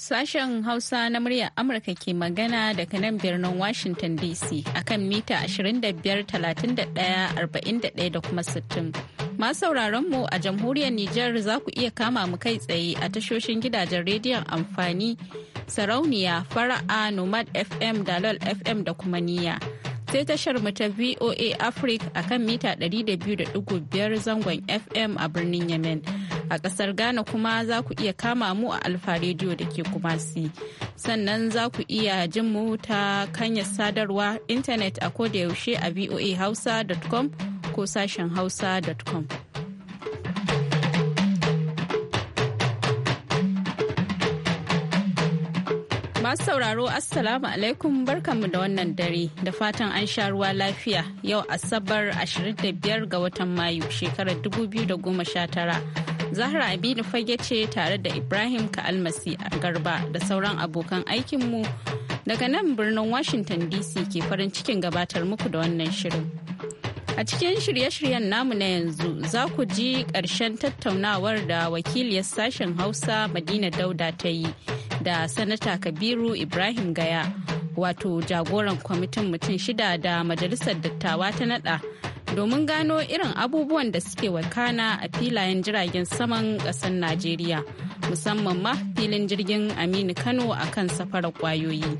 Sashen Hausa na muryar Amurka ke magana daga nan birnin Washington DC akan mita 25-31-41 da kuma 60. Masu mu a jamhuriyar Nijar za ku iya kama mu kai tsaye a tashoshin gidajen rediyon amfani sarauniya fara'a Nomad FM, Dalol FM da kuma niyya. sai tashar mu ta VOA Africa a kan mita 200.5 zangon FM a birnin Yemen. A ƙasar Ghana kuma za ku iya kama mu a Alfa Radio da ke Kumasi. Sannan za ku iya jin mu ta kanyar sadarwa intanet a kodayaushe a voahausa.com ko sashen hausa.com. Masu sauraro Assalamu alaikum barkanmu da wannan dare da fatan an sha ruwa lafiya yau Asabar 25 ga watan Mayu shekarar 2019. Zahra abinu fage ce tare da Ibrahim ka Ka'almasi Garba da sauran abokan aikinmu daga nan birnin Washington DC ke farin cikin gabatar muku da wannan shirin. A cikin shirye-shiryen namu na yanzu za ku ji ƙarshen tattaunawar da wakiliyar sashen Hausa Madina Dauda ta yi. da sanata kabiru ibrahim gaya wato jagoran kwamitin mutum shida da majalisar dattawa ta nada domin gano irin abubuwan da suke wakana a filayen jiragen saman ƙasar najeriya musamman ma filin jirgin aminu kano a kan safarar kwayoyi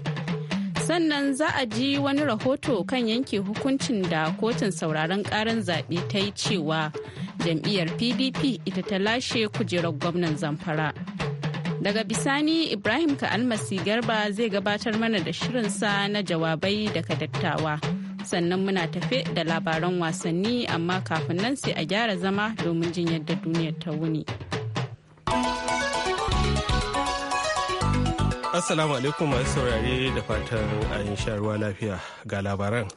sannan za a ji wani rahoto kan yanke hukuncin da kotun sauraron karin zaɓe ta yi cewa jam'iyyar pdp ita ta lashe kujerar gwamnan zamfara Daga bisani Ibrahim ka almasi Garba zai gabatar mana da shirinsa na jawabai daga dattawa. Sannan muna tafe da labaran wasanni amma kafin nan sai a gyara zama domin jin yadda duniyar ta wuni. Assalamu alaikum masu saurare da fatan an sha ruwa lafiya ga labaran.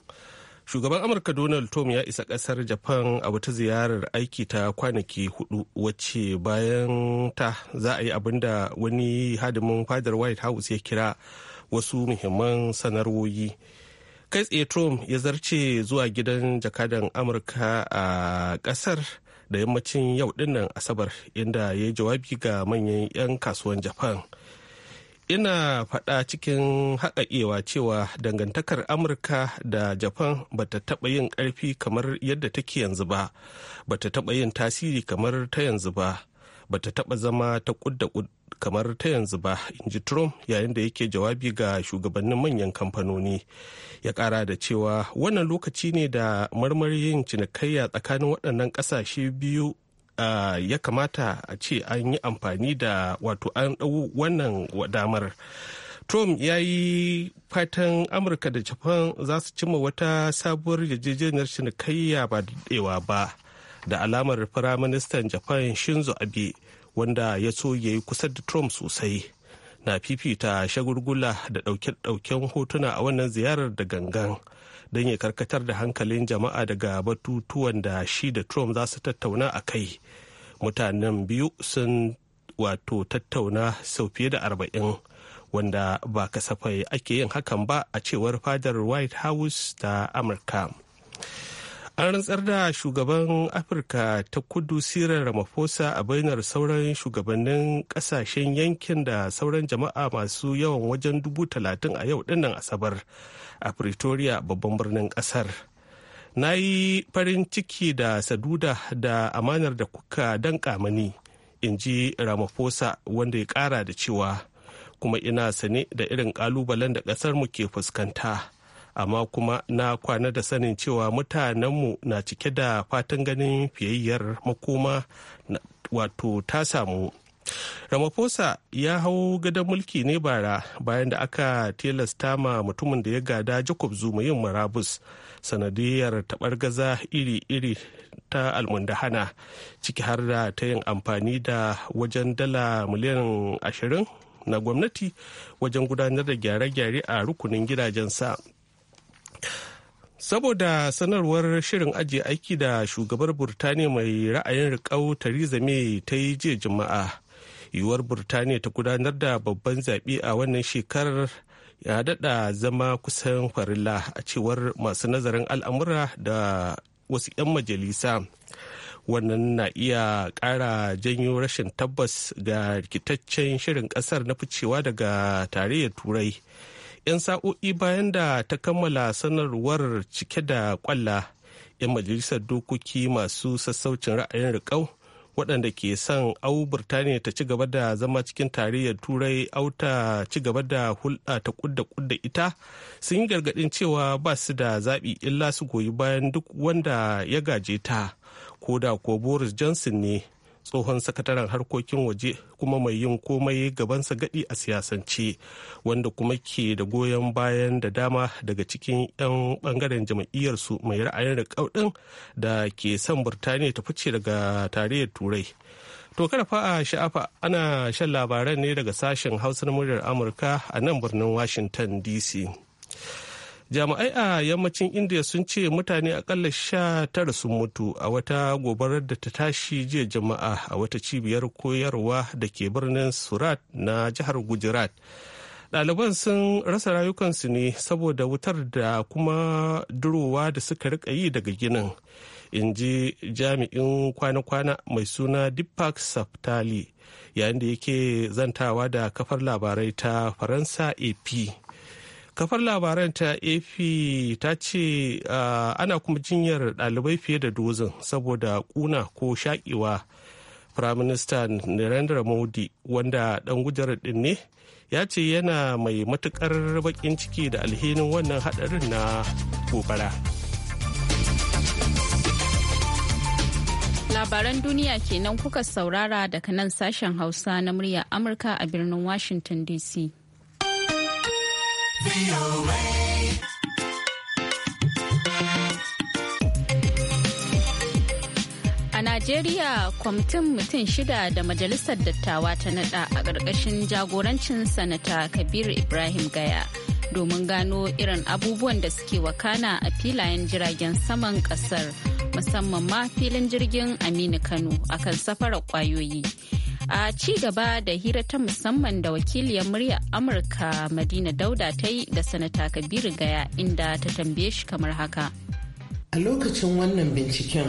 shugaban amurka donald trump ya isa kasar japan a wata ziyarar aiki ta kwanaki hudu wacce bayan ta za a yi abin da wani hadimin fadar white house ya kira wasu muhimman sanarwoyi kai tsaye trump ya zarce zuwa gidan jakadan amurka a kasar da yammacin yau dinnan asabar inda ya yi jawabi ga manyan 'yan kasuwan japan ina faɗa cikin haƙaƙewa cewa dangantakar amurka da japan bata taɓa yin ƙarfi kamar yadda take yanzu ba bata taɓa yin tasiri kamar ta yanzu ba bata taɓa zama ta ƙudda kamar ta yanzu ba in ji trump yayin da yake jawabi ga shugabannin manyan kamfanoni ya ƙara da cewa wannan lokaci ne da marmari yin cinikayya tsakanin waɗannan ƙasashe biyu ya kamata a ce an yi amfani da wato an ɗau wannan damar. Trump ya yi fatan Amurka da Japan za su cimma wata sabuwar yarjejeniyar cinikayya ba daɗewa ba da alamar Firaministan Japan Shinzo Abe wanda ya so ya yi kusa da Trump sosai. Na fifita shagulgula da ɗauke-ɗauken hotuna a wannan ziyarar da gangan. don ya karkatar da hankalin jama'a daga batutuwan da shi da trump za su tattauna a kai mutanen biyu sun wato tattauna sau fiye da arba'in wanda ba kasafai ake yin hakan ba a cewar fadar white house ta amurka an rantsar da shugaban afirka ta kudu sirar ramaphosa a bainar sauran shugabannin kasashen yankin da sauran jama'a masu yawan wajen dubu talatin a yau dinnan asabar a pretoria babban birnin kasar na yi farin ciki da saduda da amanar da kuka danka mani in ji ramaphosa wanda ya kara da cewa kuma ina sane da irin kalubalen da kasar mu ke fuskanta amma kuma na kwana da sanin cewa mutanenmu na cike da fatan ganin fiyayyar makoma wato ta samu Ramaphosa ya hau gadon mulki ne bara bayan da aka tilasta ma mutumin da ya gada Jacob Zuma yin marabus sanadiyar tabar gaza iri-iri ta almundahana ciki har da ta yin amfani da wajen dala miliyan ashirin na gwamnati wajen gudanar da gyare-gyare a rukunin gidajensa. saboda sanarwar shirin ajiye aiki da shugabar burtaniya mai ra'ayin riƙau theresa may ta yi jiya juma'a yiwuwar burtaniya ta gudanar da babban zaɓe a wannan shekarar ya daɗa zama kusan farilla a cewar masu nazarin al'amura da wasu 'yan majalisa wannan na iya ƙara janyo rashin tabbas ga rikitaccen shirin ƙasar na ficewa daga tarayyar turai 'yan sa'o'i bayan da ta kammala sanarwar cike da kwalla 'yan majalisar dokoki masu sassaucin ra'ayin riƙau waɗanda ke son au birtaniya ta ci gaba da zama cikin tarayyar turai au ta ci gaba da hulɗa ta kudda kudda ita sun yi gargaɗin cewa ba su da zaɓi illa su goyi bayan duk wanda ya gaje ta ko da ko boris johnson ne tsohon sakataren harkokin waje kuma mai yin komai gabansa gadi a siyasance wanda kuma ke da goyon bayan da dama daga cikin 'yan bangaren jam'iyyarsu mai ra'ayin da kaudin da ke son burtaniya ta fice daga tarayyar turai to kada fa a sha'afa ana shan labaran ne daga sashen hausar muryar amurka a nan birnin washington dc jami'ai a yammacin india sun ce mutane akalla sha tara sun mutu a wata gobarar da ta tashi jiya jama'a a wata cibiyar koyarwa da ke birnin surat na jihar gujarat ɗaliban sun rasa rayukansu ne saboda wutar da kuma durowa da suka rika yi daga ginin in ji jami'in kwana-kwana mai suna deepak saptali yayin da yake zantawa da kafar labarai ta faransa ap kafar labaran ta ap ta ce ah, ana kuma jinyar dalibai fiye da dozin saboda kuna ko shaƙewa minister narendra modi wanda dan gujar ɗin ne ya ce yana mai matuƙar baƙin ciki da alhinin wannan hadarin na gobara labaran duniya kenan kuka saurara daga nan sashen hausa na murya amurka a birnin washington dc Najeriya kwamitin mutum shida da Majalisar Dattawa ta nada a ƙarƙashin jagorancin Sanata Kabir Ibrahim Gaya domin gano irin abubuwan da suke wakana a filayen jiragen saman ƙasar musamman ma filin jirgin Aminu Kano akan safarar ƙwayoyi. a ci gaba da hira ta musamman da wakiliyar murya amurka madina dauda ta yi da sanata kabiru gaya inda ta tambaye shi kamar haka a lokacin wannan binciken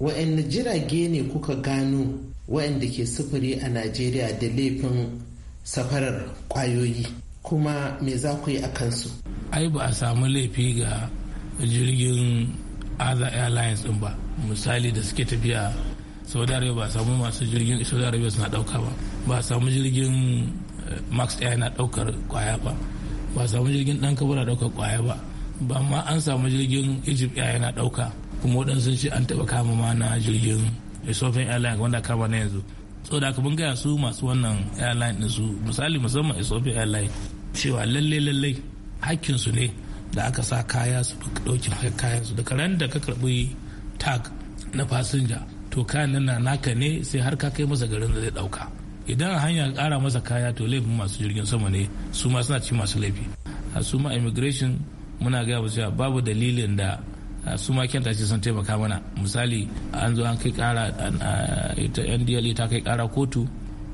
wa'anne jirage ne kuka gano wa'anda ke sufuri a najeriya da laifin safarar kwayoyi kuma me za ku yi a kansu ai ba a samu laifi ga jirgin other airlines din ba misali da suke tafiya saudi arabia ba samu masu jirgin saudi arabia suna dauka ba ba samu jirgin eh, max air na daukar kwaya ba ba samu jirgin dan na daukar kwaya ba ba ma an samu jirgin egypt air na dauka kuma waɗansu ce an taɓa kama ma na jirgin ethiopian airline wanda kama na yanzu so da mun gaya su masu wannan airline din su misali musamman ethiopian airline cewa lalle lalle hakkin su ne da aka sa kaya su dauki kayan su da karen da ka karɓi tag na fasinja to kayan nan na naka ne sai har ka kai masa garin da zai dauka idan a hanya kara masa kaya to laifin masu jirgin sama ne su ma suna ci masu laifi a su ma immigration muna gaya musu cewa babu dalilin da su ma kenta ce sun taimaka mana misali an zo an kai kara ita ndla e ta kai kara kotu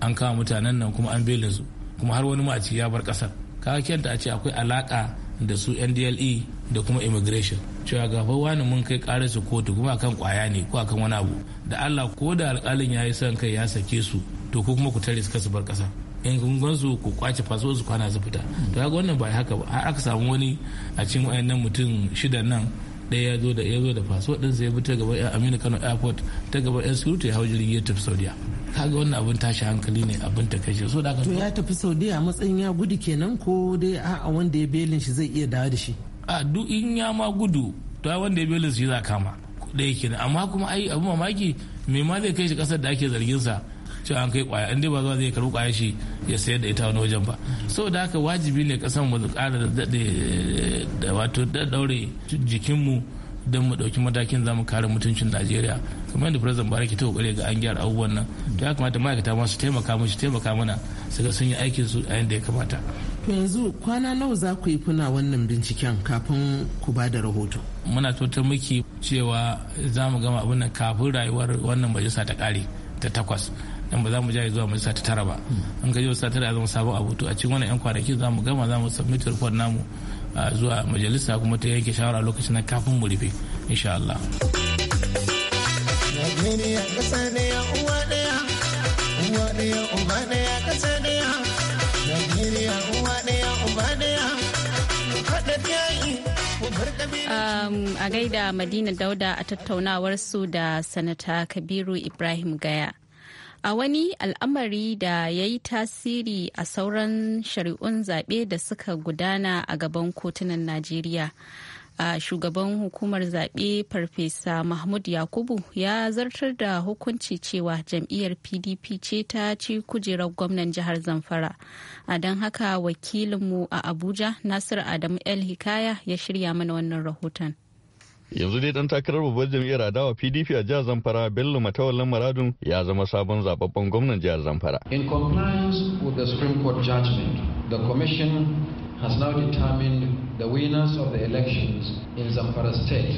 an kama mutanen nan kuma an belin su kuma har wani ma a ya bar kasar kaga kyanta a ce akwai alaka da su ndle da kuma immigration cewa gafa wani mun kai karar su kotu kuma akan kwaya ne ko akan wani abu da Allah ko da alkalin yayi yi son kai ya sake su to ko kuma ku tare su kasu bar kasa. in kun gansu ku kwace faso su kwana su fita to ga wannan ba haka ba har aka samu wani a cikin wayannan mutum shidan nan ɗaya ya zo da ya zo da faso din sai ya bi ta gaban Aminu Kano airport ta gaba yan security ya hau jirgi ya tafi Saudiya kaga wannan abin tashi hankali ne abin ta kashe so da to ya tafi Saudiya matsayin ya gudu kenan ko dai a'a wanda ya belin shi zai iya dawo da shi a duk in ya ma gudu to wanda ya belin shi za kama da yake amma kuma ai abu mamaki me ma zai kai shi kasar da ake zargin sa cewa an kai kwaya in ba za zai karbi kwaya shi ya sayar da ita wani wajen ba saboda haka wajibi ne kasar mu kara da wato daure jikin mu. don mu ɗauki matakin zamu kare mutuncin najeriya kuma yadda president ke ta kokare ga an gyara abubuwan nan to ya kamata ma'aikata masu taimaka mu su taimaka mana su ga sun yi aikin su a yadda ya kamata to yanzu kwana nawa za ku yi kuna wannan binciken kafin ku ba da rahoto muna ta tota miki cewa za mu gama abin nan kafin rayuwar wannan majalisa ta kare ta takwas dan ba za mu jaye zuwa majalisa ta tara ba an gaji sa tara zama sabon abu to a cikin wannan yan kwanaki za mu gama za mu submit report namu zuwa majalisa kuma ta yanke shawara lokacin na kafin mu rufe insha Allah. a gaida Madina Dauda a tattaunawar su da Sanata Kabiru Ibrahim Gaya. a wani al'amari da ya yi tasiri a sauran shari'un zaɓe da suka gudana a gaban kotunan najeriya a shugaban hukumar zaɓe farfesa mahmud yakubu ya zartar da hukunci cewa jam'iyyar pdp ce ta ci kujerar gwamnan jihar zamfara a don haka wakilinmu a abuja nasiru adamu el hikaya ya shirya mana wannan rahoton yanzu dai dan takarar babbar jam'iyyar adawa pdp a jihar zamfara bello matawallan maradun ya zama sabon zababben gwamnan jihar zamfara in compliance with the supreme court judgment the commission has now determined the winners of the elections in zamfara state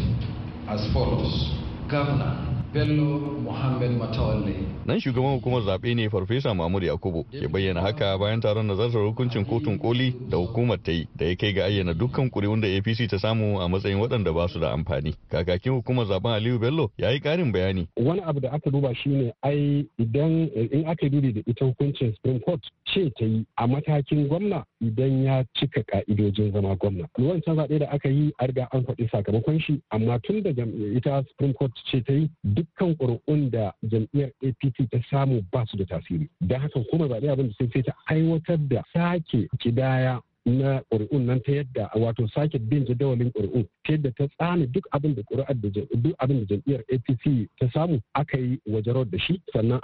as follows governor Bello Muhammad Matawalle. Nan shugaban hukumar zaɓe ne Farfesa Mahmud Yakubu ya bayyana haka bayan taron nazartar hukuncin kotun koli da hukumar ta yi da ya kai ga ayyana dukkan kuri'un da APC ta samu a matsayin waɗanda ba su da amfani. Kakakin hukumar zaben Aliyu Bello ya yi ƙarin bayani. Wani abu da aka duba shine ai idan in aka dubi da ita hukuncin Supreme Court ce ta yi a matakin gwamna idan ya cika ka'idojin zama gwamna wancan zaɓe da aka yi a riga an faɗi sakamakon shi amma tun da ita supreme court ce ta yi dukkan ƙuri'un da jam'iyyar apc ta samu ba su da tasiri don haka kuma zaɓe abin da sai ta aiwatar da sake kidaya na ƙuri'un nan ta yadda wato sake bin jadawalin ƙuri'un ta yadda ta tsani duk abin da ƙuri'ar da duk abin da jam'iyyar APC ta samu aka yi wajarar da shi sannan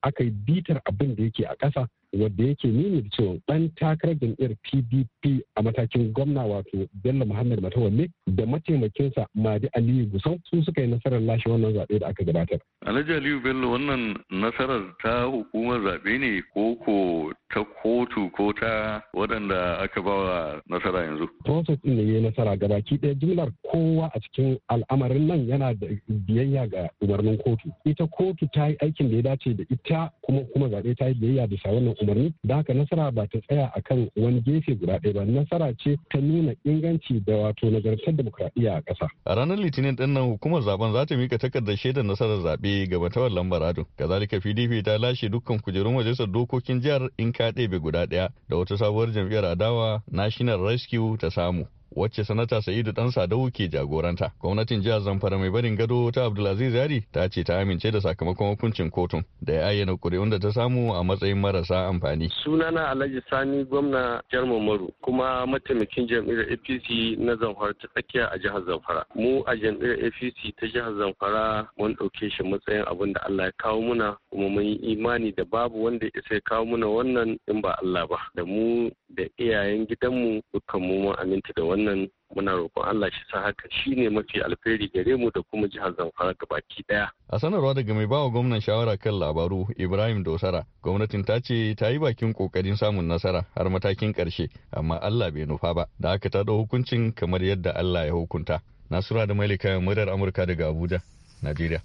aka yi bitar abin da yake a ƙasa wadda yake nuni da cewa dan takarar jam'iyyar pdp a matakin gwamna wato bello muhammad matawalle da mataimakinsa madi aliyu gusau su suka yi nasarar lashe wannan zaɓe da aka gabatar alhaji aliyu bello wannan nasarar ta hukumar zaɓe ne ko ko ta kotu ko ta waɗanda aka ba wa nasara yanzu process ɗin da ya nasara gabaki ɗaya jimlar kowa a cikin al'amarin nan yana da biyayya ga umarnin kotu ita kotu ta yi aikin da ya dace da ita kuma kuma zaɓe ta yi biyayya da sa wannan umarni da haka nasara ba ta tsaya kan wani gefe guda ɗaya ba nasara ce ta nuna inganci da wato nagartar demokradiyya a ƙasa. a ranar litinin ɗin hukumar zaben za ta mika takardar shaidar nasarar zaɓe ga batawar lambar ado kazalika pdp ta lashe dukkan kujerun majalisar dokokin jihar in ka ɗebe guda ɗaya da wata sabuwar jam'iyyar adawa national rescue ta samu wacce sanata sa'idu dan sadau ke jagoranta gwamnatin jihar zamfara mai barin gado ta abdulaziz yari ta ce ta amince da sakamakon hukuncin kotun da ya ayyana ƙuri'un da ta samu a matsayin marasa amfani sunana alhaji sani gwamna jihar mamaru kuma mataimakin jam'iyyar apc na zamfara ta tsakiya a jihar zamfara mu a jam'iyyar apc ta jihar zamfara mun ɗauke shi matsayin abin da allah ya kawo muna kuma mun yi imani da babu wanda ya isa ya kawo muna wannan in ba allah ba da mu da iyayen gidanmu dukkan mu mun aminta da wannan wannan muna roƙon Allah shi sa haka ne mafi alheri gare mu da kuma jihar Zamfara baki daya. A sanarwa daga mai bawa gwamnan shawara kan labaru Ibrahim Dosara, gwamnatin ta ce ta yi bakin kokarin samun nasara har matakin ƙarshe, amma Allah bai nufa ba, da aka ta hukuncin kamar yadda Allah ya hukunta. Nasura da Malika murar Amurka daga Abuja, Najeriya.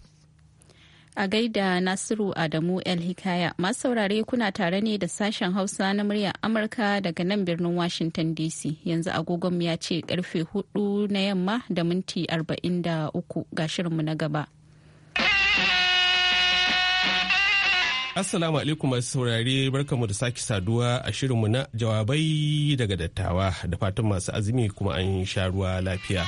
a gaida Nasiru Adamu El Hikaya. Masu saurare kuna tare ne da sashen Hausa na muryar Amurka daga nan birnin Washington DC. Yanzu agogonmu ya ce karfe 4 na yamma da minti 43 ga shirinmu na gaba. Assalamu alaikum masu saurare barkamu da sake saduwa a shirinmu na jawabai daga dattawa da fatan masu azumi kuma an sha ruwa lafiya.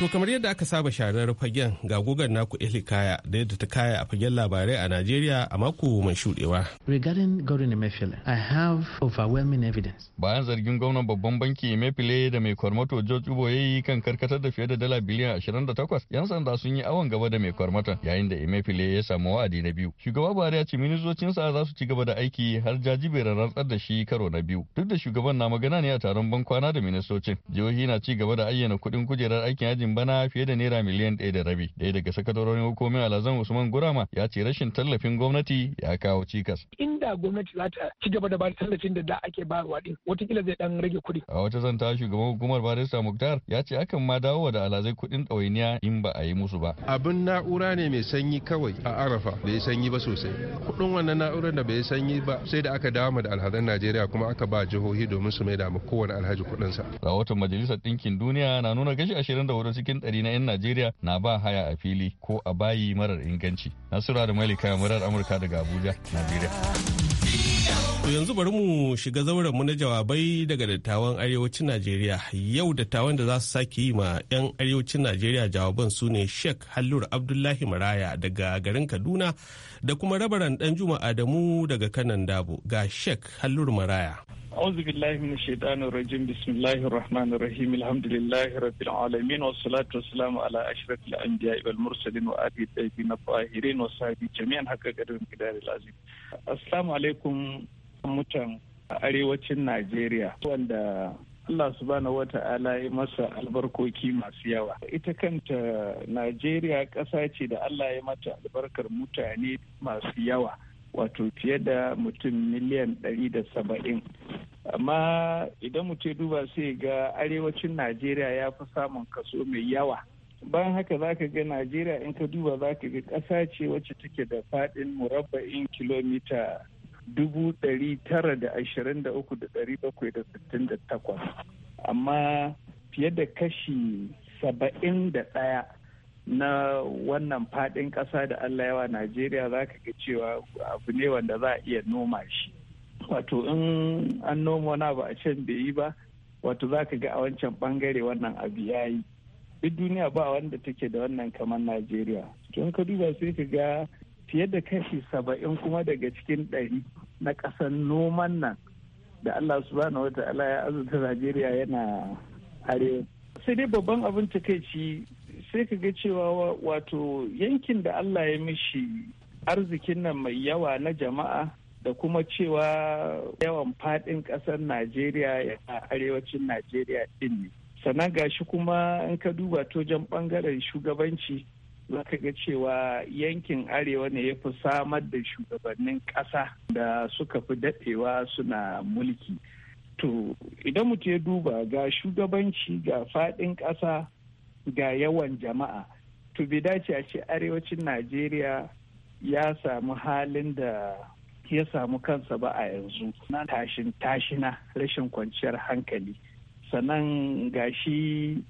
To kamar yadda aka saba sharar fagen ga gogar naku kaya da yadda ta kaya a fagen labarai a Najeriya a mako mai shudewa. Regarding Gordon Emefiele, I have overwhelming evidence. Bayan zargin gwamnan babban banki Emefiele da mai kwarmato George Ubo ya yi kan karkatar da fiye da dala biliyan 28, yan sanda sun yi awon gaba da mai kwarmata yayin da Emefiele ya samu wa'adi na biyu. Shugaba Buhari ya ce ministocinsa za su ci gaba da aiki har jajiberin rantsar da shi karo na biyu. Duk da shugaban na magana ne a taron bankwana da ministocin. Jihohi na ci gaba da ayyana kuɗin kujerar aikin harajin bana fiye da naira miliyan ɗaya da rabi. Ɗaya daga sakatorin hukumin Alhazan Usman Gurama ya ce rashin tallafin gwamnati ya kawo cikas. Inda gwamnati za ta ci gaba da ba tallafin da da ake bayarwa din watakila zai dan rage kuɗi. A wata zanta shugaban hukumar Barista Muktar ya ce akan ma dawo da alhazai kuɗin ɗawainiya in ba a yi musu ba. Abin na'ura ne mai sanyi kawai a Arafa bai sanyi ba sosai. Kuɗin wannan na'urar da bai sanyi ba sai da aka dawo da alhazan Najeriya kuma aka ba jihohi domin su mai da kowane alhaji kuɗinsa. Rahoton Majalisar Ɗinkin Duniya na nuna kashi ashirin da cikin ɗari na 'yan Najeriya na ba haya a fili ko a bayi marar inganci. Nasura da Malika murar Amurka daga Abuja, Najeriya. To yanzu bari mu shiga zauren mu na jawabai daga dattawan arewacin Najeriya. Yau dattawan da za su sake yi ma 'yan arewacin Najeriya jawaban su ne Sheikh Hallur Abdullahi Maraya daga garin Kaduna da kuma rabaran Danjuma Adamu daga kanan dabo ga Sheikh Hallur Maraya. أعوذ بالله من الشيطان الرجيم بسم الله الرحمن الرحيم الحمد لله رب العالمين والصلاة والسلام على أشرف الأنبياء والمرسلين وآل الطيبين الطاهرين وصحبه جميعا حق قدر الكدار العظيم السلام عليكم متان arewacin Najeriya wanda Allah subhanahu wata'ala ya masa albarkoki masu yawa ita kanta Najeriya ƙasa ce da Allah ya mata albarkar mutane masu yawa wato fiye da mutum miliyan 170 amma idan mutum duba sai ga arewacin najeriya ya fi samun kaso mai yawa bayan haka za ka ga najeriya in ka duba za ka ga ƙasa ce wacce take da faɗin murabba'in kilomita 923,768 amma fiye da kashi 71 na wannan fadin ƙasa da Allah yawa Najeriya za ka ga cewa abu ne wanda za a iya noma shi. Wato in an noma wani abu a can bai yi ba, wato za ka ga a wancan bangare wannan abu ya yi. Duk duniya ba wanda take da wannan kamar Najeriya. Tun ka duba sai ka ga fiye da kashi saba'in kuma daga cikin ɗari na ƙasar noman nan da Allah subhanahu wa ta'ala ya azurta Najeriya yana arewa. Sai dai babban abin takaici sai ka ga cewa wato yankin da Allah ya mishi arzikin nan mai yawa na jama'a da kuma cewa yawan fadin kasar Najeriya ya arewacin Najeriya din ne. Sannan gashi kuma in ka duba tojan bangaren shugabanci za ka ga cewa yankin arewa ne ya fi samar da shugabannin ƙasa da suka fi daɗewa suna mulki. To idan mutu ya duba ga shugabanci ga faɗin ƙasa ga yawan jama'a to bi dace a ce arewacin najeriya ya samu halin da ya samu kansa ba a yanzu na tashin tashina rashin kwanciyar hankali sannan gashi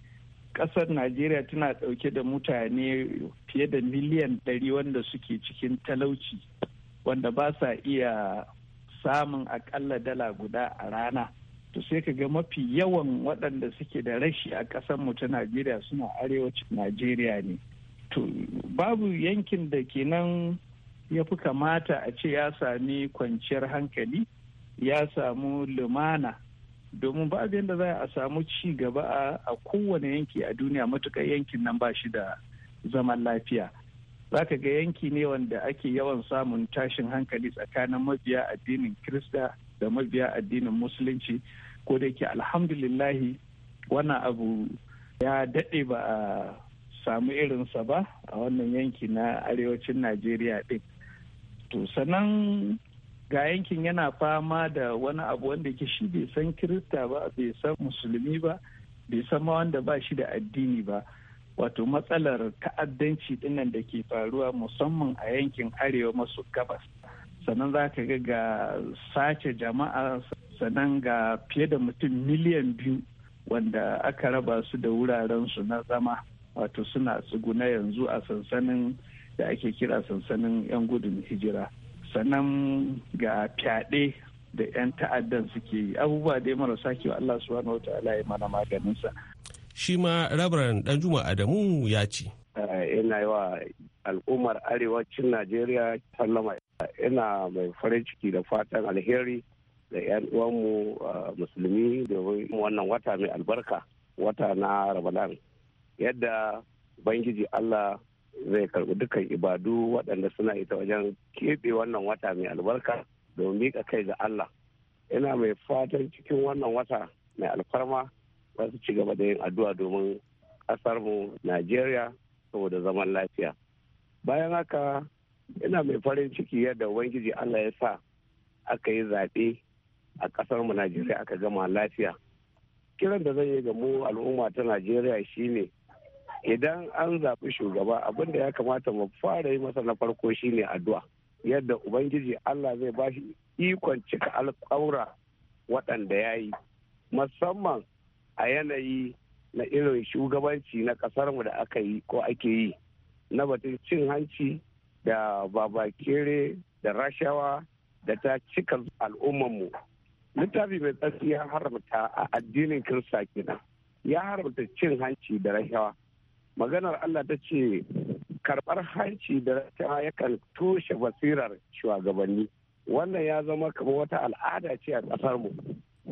kasar najeriya tana dauke da mutane fiye da miliyan ɗari wanda suke cikin talauci wanda ba sa iya samun akalla dala guda a rana to sai ka ga mafi yawan waɗanda suke da rashi a ƙasar mu ta najeriya suna arewacin najeriya ne to babu yankin da kenan ya fi kamata a ce ya sami kwanciyar hankali ya samu lumana domin ba abin da za a samu ci gaba a kowane yanki a duniya matukar yankin nan ba shi da zaman lafiya za ka ga yanki ne wanda ake yawan samun tashin hankali tsakanin mabiya addinin kirista da mabiya addinin musulunci ko da yake alhamdulillahi wannan abu ya daɗe ba a samu irinsa ba a wannan yanki na arewacin najeriya ɗin to sannan ga yankin yana fama da wani abu wanda ke shi bai san kirista ba bai san musulmi ba bai san ma wanda ba shi da addini ba wato matsalar ta'addanci dinnan da ke faruwa musamman a yankin arewa maso gabas sannan za ka ga ga sace jama'a sannan ga fiye da mutum miliyan biyu wanda aka raba su da wuraren su na zama wato suna tsuguna yanzu a sansanin da ake kira sansanin 'yan gudun hijira sannan ga fyaɗe da 'yan ta'addan suke yi abubuwa dai marasa kiwa Allah na wata ya mana maganinsa shi ma rabaran dan juma adamu ya ce eh, yana yi wa al'ummar arewacin najeriya sallama ina mai farin ciki da fatan alheri da 'yan uwanmu uh, musulmi domin wannan wata mai albarka wata na ramadan yadda bangiji allah zai karbi dukkan ibadu waɗanda suna ita wajen keɓe wannan wata mai albarka domin miƙa kai ga allah ina mai fatan cikin wannan wata mai alfarma za su ci gaba da yin addu'a domin ƙasarmu najeriya saboda zaman lafiya bayan haka ina mai farin ciki yadda ubangiji allah ya sa aka yi zaɓe a ƙasar mu najeriya aka gama lafiya kiran da zai yi ga mu al'umma ta najeriya shine idan an zaɓi shugaba abin da ya kamata mu fara yi masa na farko shine addu'a yadda ubangiji allah zai ba shi ikon cika alƙawura waɗanda ya yi musamman a yanayi na irin shugabanci na ƙasarmu da aka yi ko ake yi na batun cin hanci da babakere da rashawa da ta cika al'ummanmu littafi mai tsarki ya haramta a addinin kirista kenan ya haramta cin hanci da rashawa maganar allah ta ce karbar hanci da rashawa yakan toshe basirar shugabanni wannan ya zama kamar wata al'ada ce a mu.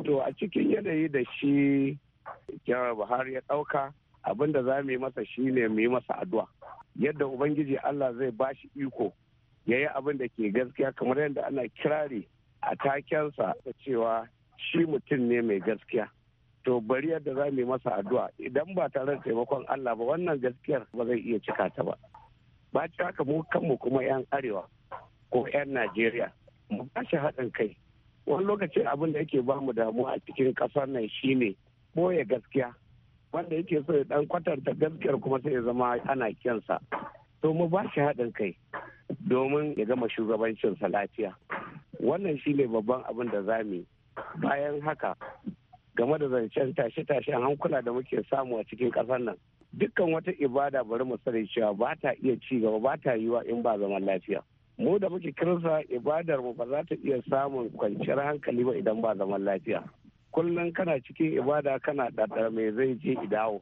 to a cikin yanayi da shi jihar buhari ya ɗauka abin da za mu yi masa shi ne mu yi masa addu'a yadda ubangiji allah zai ba shi iko ya yi abin da ke gaskiya kamar yadda ana kirari a takensa da cewa shi mutum ne mai gaskiya to bari yadda za mu yi masa addu'a idan ba tare da taimakon allah ba wannan gaskiyar ba zai iya cika ta ba ba ci haka mu kanmu kuma 'yan arewa ko 'yan najeriya mu ba shi haɗin kai wani lokacin abin da yake ba mu damuwa a cikin ƙasar nan shine boye gaskiya wanda yake so ya dan kwatanta gaskiyar kuma sai ya zama ana kyansa, to mu ba shi haɗin kai domin ya gama shugabancinsa lafiya wannan shine babban abin da za mu bayan haka game da zancen tashe-tashen hankula da muke samu a cikin ƙasar nan dukkan wata ibada bari mu sani cewa ba ta iya ci gaba ba ta yiwa in ba zaman lafiya mu da muke kirsa ibadar mu ba za ta iya samun kwanciyar hankali ba idan ba zaman lafiya kullum kana cikin ibada kana dada mai zai je idawo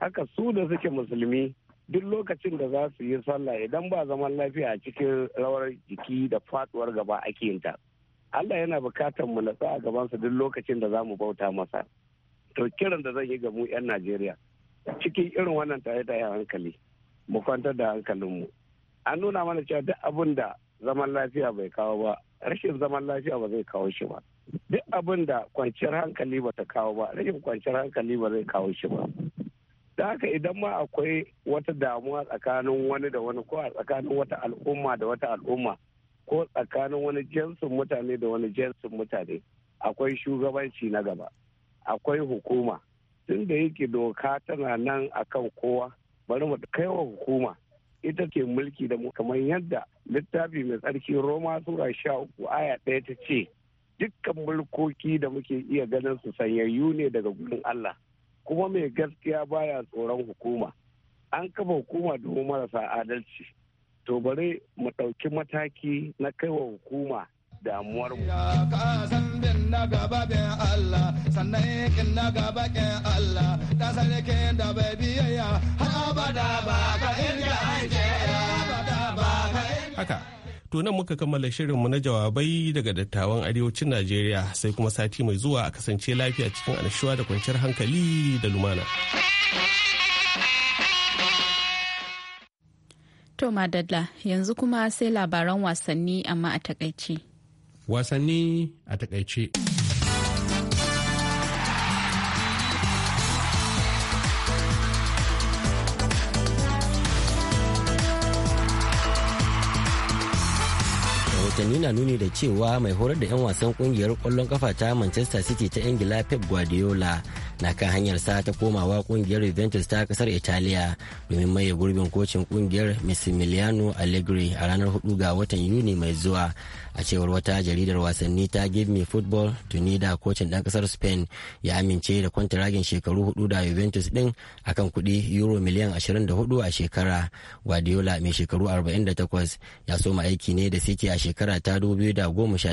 haka su da suke musulmi duk lokacin da za su yi sallah idan ba zaman lafiya cikin rawar jiki da faduwar gaba ake yin ta Allah yana bukatar mu natsa a gabansa duk lokacin da za mu bauta masa to kiran da zan yi ga mu 'yan Najeriya cikin irin wannan tare da hankali mu kwantar da mu an nuna mana cewa duk abin da zaman lafiya bai kawo ba rashin zaman lafiya ba zai kawo shi ba duk abin da kwanciyar hankali ba ta kawo ba rashin kwanciyar hankali ba zai kawo shi ba da haka idan ma akwai wata damuwa tsakanin wani da wani ko a tsakanin wata al'umma da wata al'umma ko tsakanin wani jinsin mutane da wani jinsin mutane akwai shugabanci na gaba akwai hukuma tun da yake doka tana nan akan kowa bari mu kai wa hukuma ita ke mulki da mu kamar yadda littafi mai tsarki roma sura sha uku aya ɗaya ta ce dukkan mulkoki da muke iya ganin su sanyayyu ne daga gurin Allah kuma mai gaskiya baya tsoron hukuma an kafa hukuma domin marasa adalci to bare mu ɗauki mataki na kaiwa hukuma damuwar mu. na gaba Allah ta sarki da bai biyayya Haka To nan muka kammala shirinmu na jawabai daga dattawan arewacin Najeriya sai kuma sati mai zuwa a kasance lafiya cikin annashuwa da kwanciyar hankali da lumana. To Madalla yanzu kuma sai labaran wasanni amma a takaice. Wasanni a takaice. rahotanni na nuni da cewa mai horar da 'yan wasan kungiyar kwallon kafa ta manchester city ta ingila pep guardiola na kan hanyar sa ta komawa kungiyar Juventus ta kasar Italiya domin maye gurbin kocin kungiyar Massimiliano Allegri a ranar 4 ga watan Yuni mai zuwa. A cewar wata jaridar wasanni ta Give Me Football tuni kocin dan kasar Spain ya amince da kwantaragin shekaru hudu da Juventus din akan kuɗi euro miliyan 24 a shekara. Guardiola mai shekaru 48 ya soma aiki ne da City a shekara ta 2016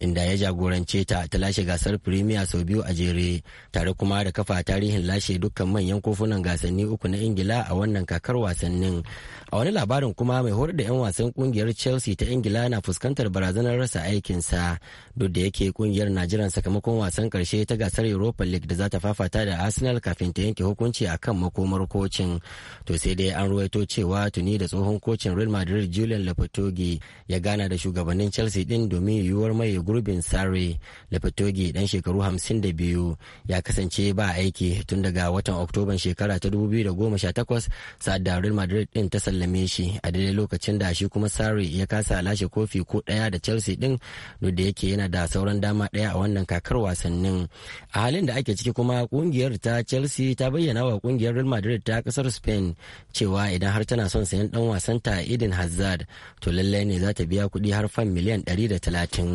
inda ya jagorance ta ta lashe gasar Premier sau biyu a jere tare kuma da kafa tarihin lashe dukkan manyan kofunan gasanni uku na ingila a wannan kakar wasannin a wani labarin kuma mai horar da 'yan wasan kungiyar chelsea ta ingila na fuskantar barazanar rasa aikinsa duk da yake kungiyar na jiran sakamakon wasan karshe ta gasar europa league da za ta fafata da arsenal kafin ta yanke hukunci a kan makomar kocin to sai dai an ruwaito cewa tuni da tsohon kocin real madrid julian lopetogi ya gana da shugabannin chelsea din domin yiwuwar mai gurbin sare lopetogi dan shekaru hamsin da biyu ya kasance kasance ba aiki tun daga watan oktoban shekara ta 2018 sa'ad da real madrid din ta sallame shi a daidai lokacin da shi kuma Sarri ya kasa lashe kofi ko daya da chelsea din duk da yake yana da sauran dama daya a wannan kakar wasannin a halin da ake ciki kuma kungiyar ta chelsea ta bayyana wa kungiyar real madrid ta kasar spain cewa idan har tana son sayan dan wasan ta eden hazard to lallai ne za ta biya kuɗi har fan miliyan da talatin.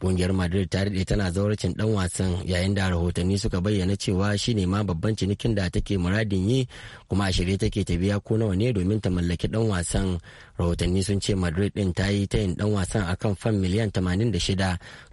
kungiyar madrid ta daɗe tana zauracin ɗan wasan yayin da rahotanni suka bayyana cewa shine ma babban cinikin da take muradin yi kuma a shirye take ta biya ko nawa ne domin ta mallaki dan wasan rahotanni sun ce madrid din ta yi tayin dan wasan akan fan miliyan 86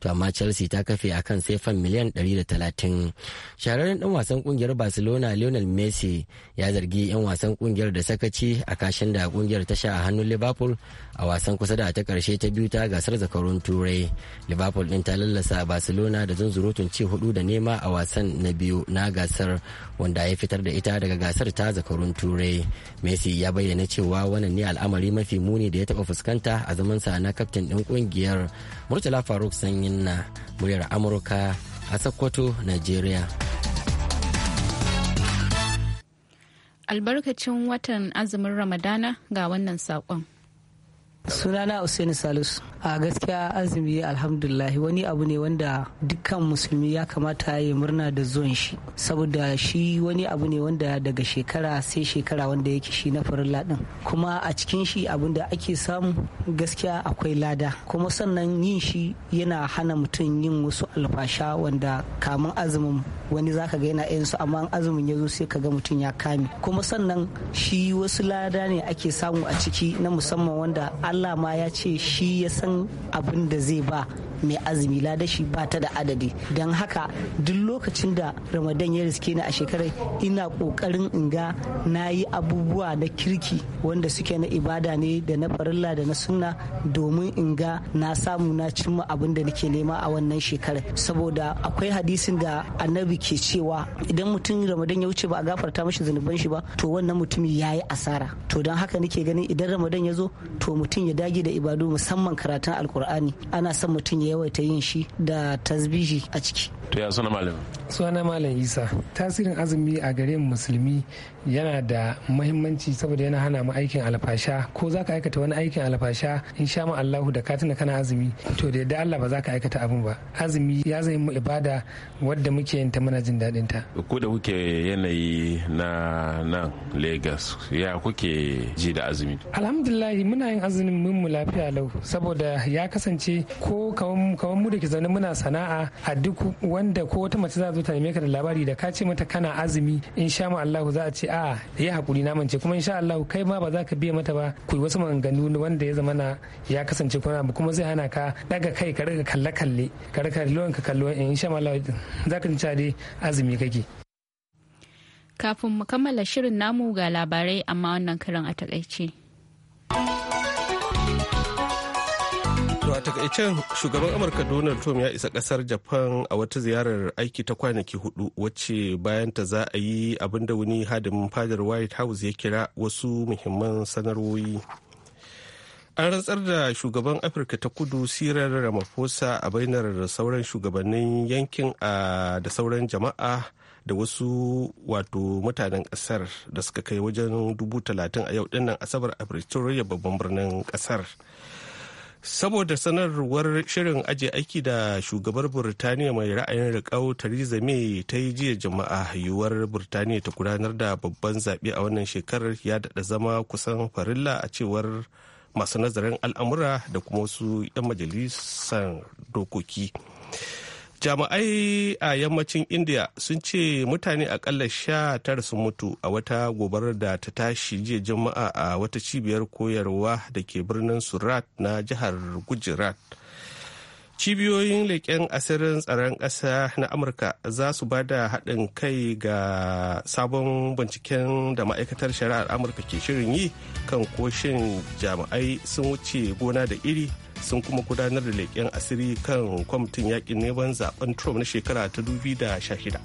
to amma chelsea ta kafe akan sai fan miliyan 130 shahararren dan wasan kungiyar barcelona lionel messi ya zargi 'yan wasan kungiyar da sakaci a kashin da kungiyar ta sha a hannun liverpool a wasan kusa da ta karshe ta biyu ta gasar zakarun turai liverpool din ta lallasa barcelona da zunzurutun ci hudu da nema a wasan na biyu na gasar wanda ya fitar da ita daga gasar ta zakarun turai messi ya bayyana cewa wannan ne al'amari mafi mafi muni da ya taɓa fuskanta a sa na kaftin ɗin ƙungiyar murtala faruk sanyin na muryar amurka a sokoto nigeria albarkacin watan azumin ramadana ga wannan saƙon. sunana usaini salisu a gaskiya azumi alhamdulillah wani abu ne wanda dukkan musulmi ya kamata ya murna da zuwan shi saboda shi wani abu ne wanda daga shekara sai shekara wanda yake shi na farin ladin kuma a cikin shi abin da ake samu gaskiya akwai lada kuma sannan yin shi yana hana mutum yin wasu alfasha wanda kamun azumin wani zaka ga yana yin su amma azumin ya zo sai ka ga mutum ya kame kuma sannan shi wasu lada ne ake samu a ciki na musamman wanda Allah ma ya ce shi ya san abin da zai ba mai azumi ladashi ba ta da adadi don haka duk lokacin da ramadan ya riske ni a shekarar ina kokarin in ga na yi abubuwa na kirki wanda suke na ibada ne da na farilla da na sunna domin in ga na samu na cimma abin da nake nema a wannan shekarar saboda akwai hadisin da annabi ke cewa idan mutum ramadan ya wuce ba a gafarta mashi zunuban shi ba to wannan mutumi ya yi asara to don haka nake ganin idan ramadan ya zo to mutum ya dage da ibadu musamman karatun alkur'ani ana son mutum ya yawaita yin shi da tasbihi a ciki to ya suna malamin Suna Malam Isa, tasirin azumi a gare musulmi yana da mahimmanci saboda yana hana mu aikin alfasha ko za ka aikata wani aikin alfasha in sha ma Allahu da katina kana azumi to da yadda Allah ba za ka aikata abin ba. Azumi ya zai mu ibada wadda muke yin ta muna jin daɗin ta. da kuke yanayi na nan Lagos ya kuke ji da azumi? Alhamdulillah muna yin azumin mu lafiya lau saboda ya kasance ko kawan mu da ke zaune muna sana'a a duk wanda ko wata mace za zo ta neme ka da labari da ka ce mata kana azumi in sha ma Allahu za a ce a ya hakuri na mance kuma in sha Allahu kai ma ba za ka biya mata ba ku yi wasu maganganu wanda ya zama na ya kasance kuna ba kuma zai hana ka daga kai ka rika kalle kalle ka rika luwan ka kallo in sha Allahu za ka ci azumi kake kafin mu kammala shirin namu ga labarai amma wannan karin a takaice. To a takaicen shugaban Amurka Donald Trump ya isa kasar Japan a wata ziyarar aiki ta kwanaki hudu wacce bayan ta za a yi abin da wani hadimin fadar White House ya kira wasu muhimman sanarwoyi. An rantsar da shugaban Afirka ta kudu Sirar Ramaphosa a bainar sauran shugabannin yankin da sauran jama'a da wasu wato mutanen kasar da suka kai wajen dubu talatin a yau dinnan asabar a babban birnin kasar. saboda sanarwar shirin ajiye aiki da shugabar burtaniya mai ra'ayin riƙau theresa may ta yi jiya jama'a yiwuwar burtaniya ta gudanar da babban zaɓe a wannan shekarar ya daɗa zama kusan farilla a cewar masu nazarin al'amura da kuma wasu 'yan majalisar dokoki jami'ai a yammacin india sun ce mutane akalla sha tara sun mutu a wata gobarar da ta tashi jiya juma'a a wata cibiyar koyarwa da ke birnin surat na jihar gujarat cibiyoyin leƙen asirin tsaron ƙasa na amurka za su ba da haɗin kai ga sabon binciken da ma'aikatar shari'ar amurka ke shirin yi kan koshin jami'ai sun wuce gona da iri sun kuma gudanar da leƙen asiri kan kwamitin yakin neman zaben trump na shekara ta da shida.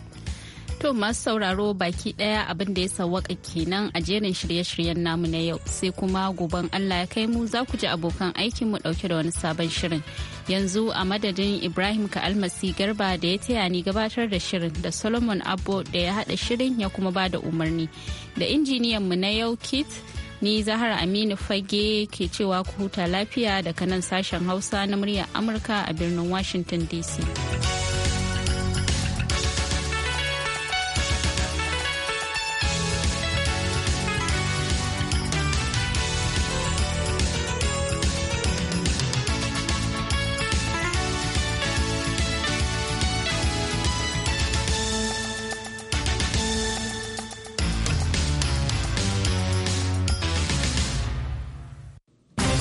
To masu sauraro baki ɗaya abin da ya sawwaka kenan a jerin shirye-shiryen namu na yau sai kuma goben Allah ya kai mu za ku ji abokan aikin mu dauke da wani sabon shirin. Yanzu a madadin Ibrahim ka almasi garba da ya taya ni gabatar da shirin da Solomon Abbo da ya haɗa shirin ya kuma ba da umarni da injiniyan mu na yau Keith ni zahara aminu fage ke cewa ku huta lafiya daga nan sashen hausa na muryar amurka a birnin washington dc